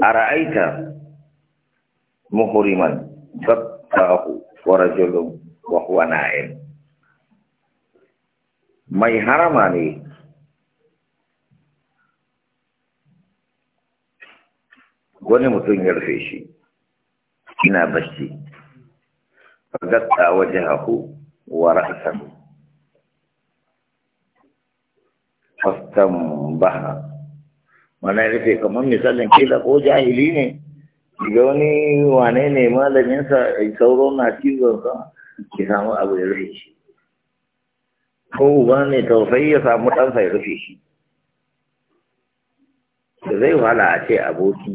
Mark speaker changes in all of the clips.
Speaker 1: ara'aita muhriman fatahu wa rajulun wa huwa na'im mai harama ne wani mutum ya rufe shi ina bacci fagatta haku wa ra'sahu fastan baha mana rufe kamar misalin kila ko jahili ne ga wani wane ne malaminsa sauro na cizonsa ki samu abu ya rufe shi ko uba ne tausayi ya samu ɗansa ya rufe shi da zai wahala a ce aboki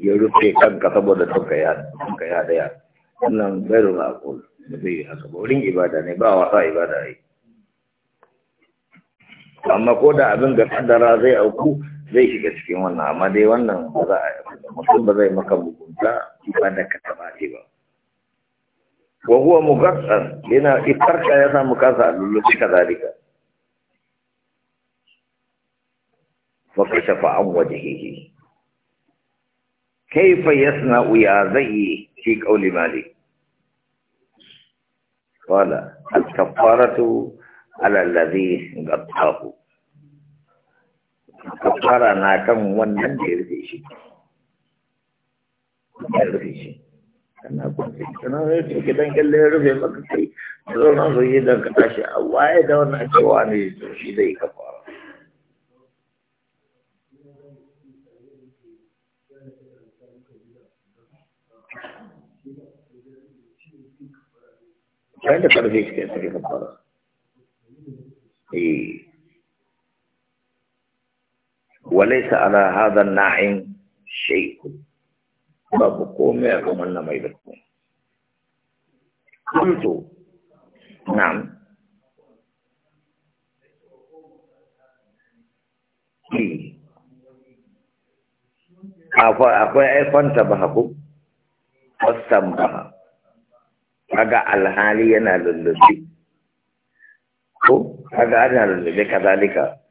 Speaker 1: ya rufe kanka saboda tonka ya daya wannan bai rufe a da zai yi haka ba ibada ne ba wasa ibada ne amma ko da abin ga kaddara zai auku zai shiga cikin wannan amma dai wannan ba za a mutum ba zai maka mugunta ba da ka taba ce ba wa huwa mugassan yana ifarka ya samu kansa a lulluci kazalika fa kashafa an wajhihi كيف يصنع يا زي في mali مالك قال الكفارة على ga قطعه kafara na kan wannan da ya rufe shi ya rufe shi kana kwanci kana rufe gidan kyalle ya rufe maka kai da zaunan su yi don ka tashi a waye da wannan cewa ne to shi zai kafara Kayan da karfe shi ke sake kafara. Eh. وليس على هذا النعيم شيء بابكم يعلم أن ما يبكون قلت نعم أقول أقول أفن تبهكم قسم بها أجا الحالي أنا للذي أجا أنا للذي كذلك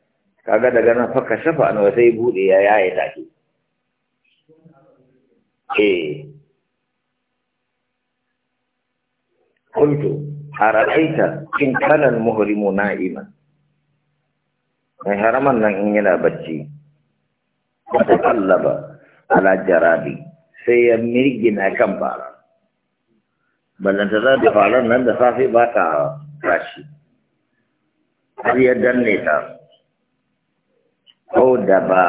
Speaker 1: kaga daga nan faka shafa an sai bude ya yaye take eh kuntu ara'aita in kana muhrimu na'ima mai haraman nan in yana bacci ta kallaba ala jarabi sai ya mirgina kan bara ballanta za da faran nan da safe ba ta rashi. har ya danne ta ko da ba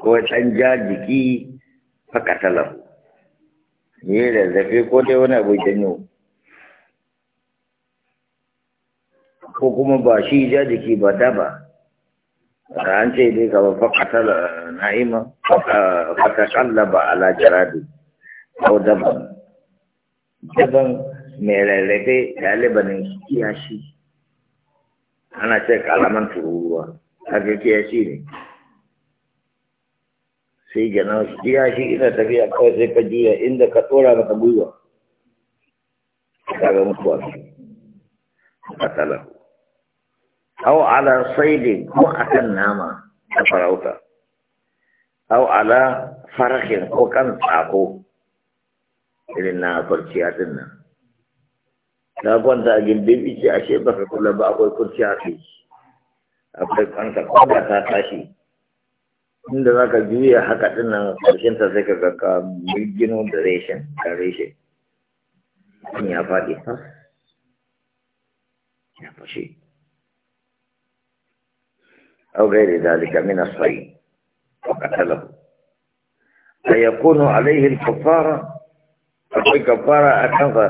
Speaker 1: ko san jajiki jiki fakatalahu ne da zafi ko dai wani abu janyo ko kuma ba shi ja jiki ba daba an ce dai ka ba fakatala na'ima ba ala jaradu ko daban daban mai rarrafe ɗalibanin kiyashi ana ce kalaman tururuwa haka ke ya shi ne sai gana su jiya shi ina tafiya kawai sai ka juya inda ka tsora ka gwiwa ka ga mutuwa su katala au ala saidi ko akan nama ta farauta au ala farakin ko kan tsako irin na farciya din nan Na kwanta a gindin ice ashe baka kula ba akwai kurciya a kai akwai kanka kuma ta tashi inda za ka juya haka ɗin nan ƙarshen ta sai ka ga ka mirgino da reshen ka reshe in ya faɗi ha ya fashe au gairi dalika min asfai wa qatalahu ayakunu alaihi al-kaffara akwai kaffara akan fa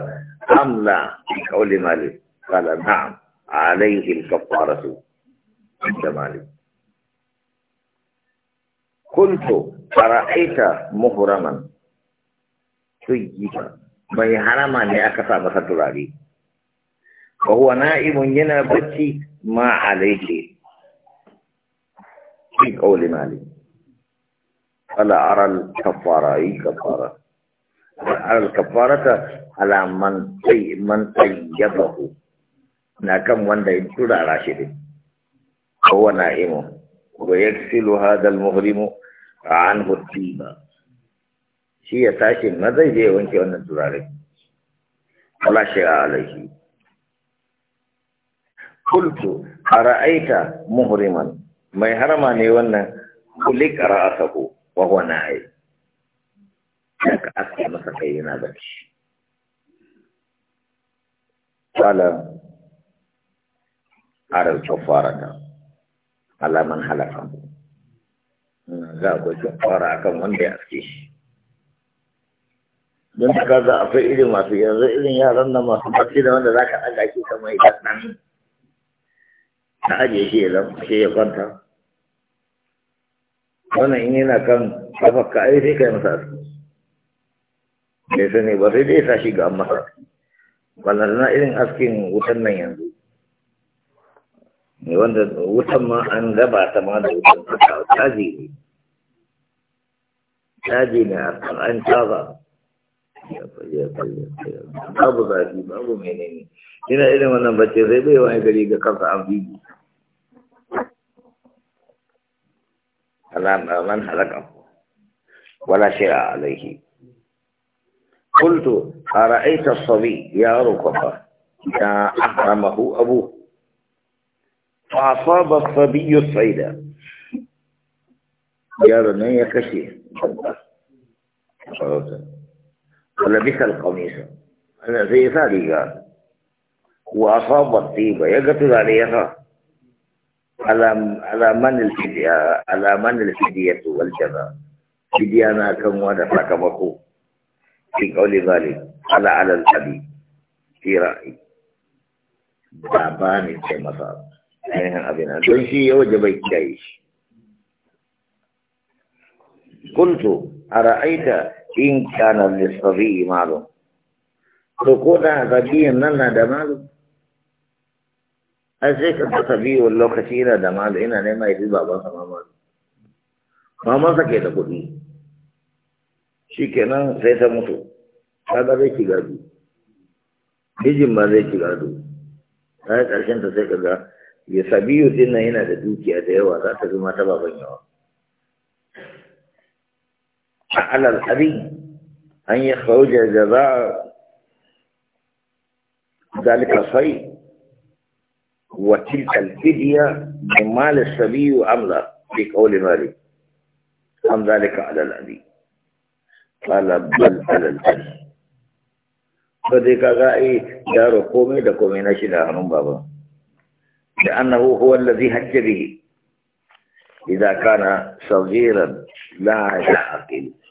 Speaker 1: amla bi qawli malik qala na'am alaihi al-kaffaratu عند كنت فرأيت مهرما سيئك من حرم أن أكفى مثل عليه وهو نائم ينا بكي ما عليك في قول مالي فلا أرى الكفارة أي كفارة أرى الكفارة على من طيبه ناكم وندين تدعى راشدين هو نائم ويغسل هذا المغرم عنه الطيب شيء تاشي ماذا يجي وانت وانا الدراري ولا شيء عليه قلت أرأيت مهرما ما يهرمني وانا قلت رأسه وهو نائم لك أكثر مسكينا بكش قال أرى الكفارة alaman halaka za a kwace fara kan wanda ya aske don ta kaza akwai irin masu yanzu irin yaran nan masu barci da wanda za ka ɗaga shi kamar idan nan ta ajiye shi ya zama shi ya kwanta wannan in yana kan kafarka ai sai kai masa aski bai sani ba sai dai sa shi ga masa wannan na irin askin wutan nan yanzu ne wanda wutan ma an raba ta ma da wutan ta caji ne caji ne a kan an caza babu zafi babu menene ina irin wannan bacci sai bai wani gari ga kansa an bibi man halaka wala shi'a alaihi قلت أرأيت الصبي يا ركبة إذا أحرمه أبوه فأصاب الصبي الصيدة جارنا خشية ولبس القميص أنا زي ثاني قال وأصاب الطيبة يقتل عليها على على من الفدية على من الفدية والجزاء فدية أنا كم وأنا فكمكو في قول ذلك على على الحبيب في رأيي باباني في صار ainihin abin nan don shi ya waje bai kiyaye shi kuntu a ra'aita in kana lissabi malu to ko da sabiyin nan na da malu ai sai ka ga sabiyin lokaci yana da malu ina nema ya ji baban sa Mama mamansa ke da kuɗi shi ke nan sai ta mutu kaga zai ci gado mijin ma zai ci gado ta yi ƙarshen ta sai ka ga ya sabiyu dinnan yana da dukiya da yawa za ta zama ta baban yawa على الحبيب أن يخرج جزاء ذلك الصيد وتلك الفدية من مال السبي أملا في قول مالك أم ذلك على الأبي قال بل على الأبي فذلك غائي دار قومي دكومي نشد عنهم بابا لأنه هو الذي هج به إذا كان صغيرا لا يعقل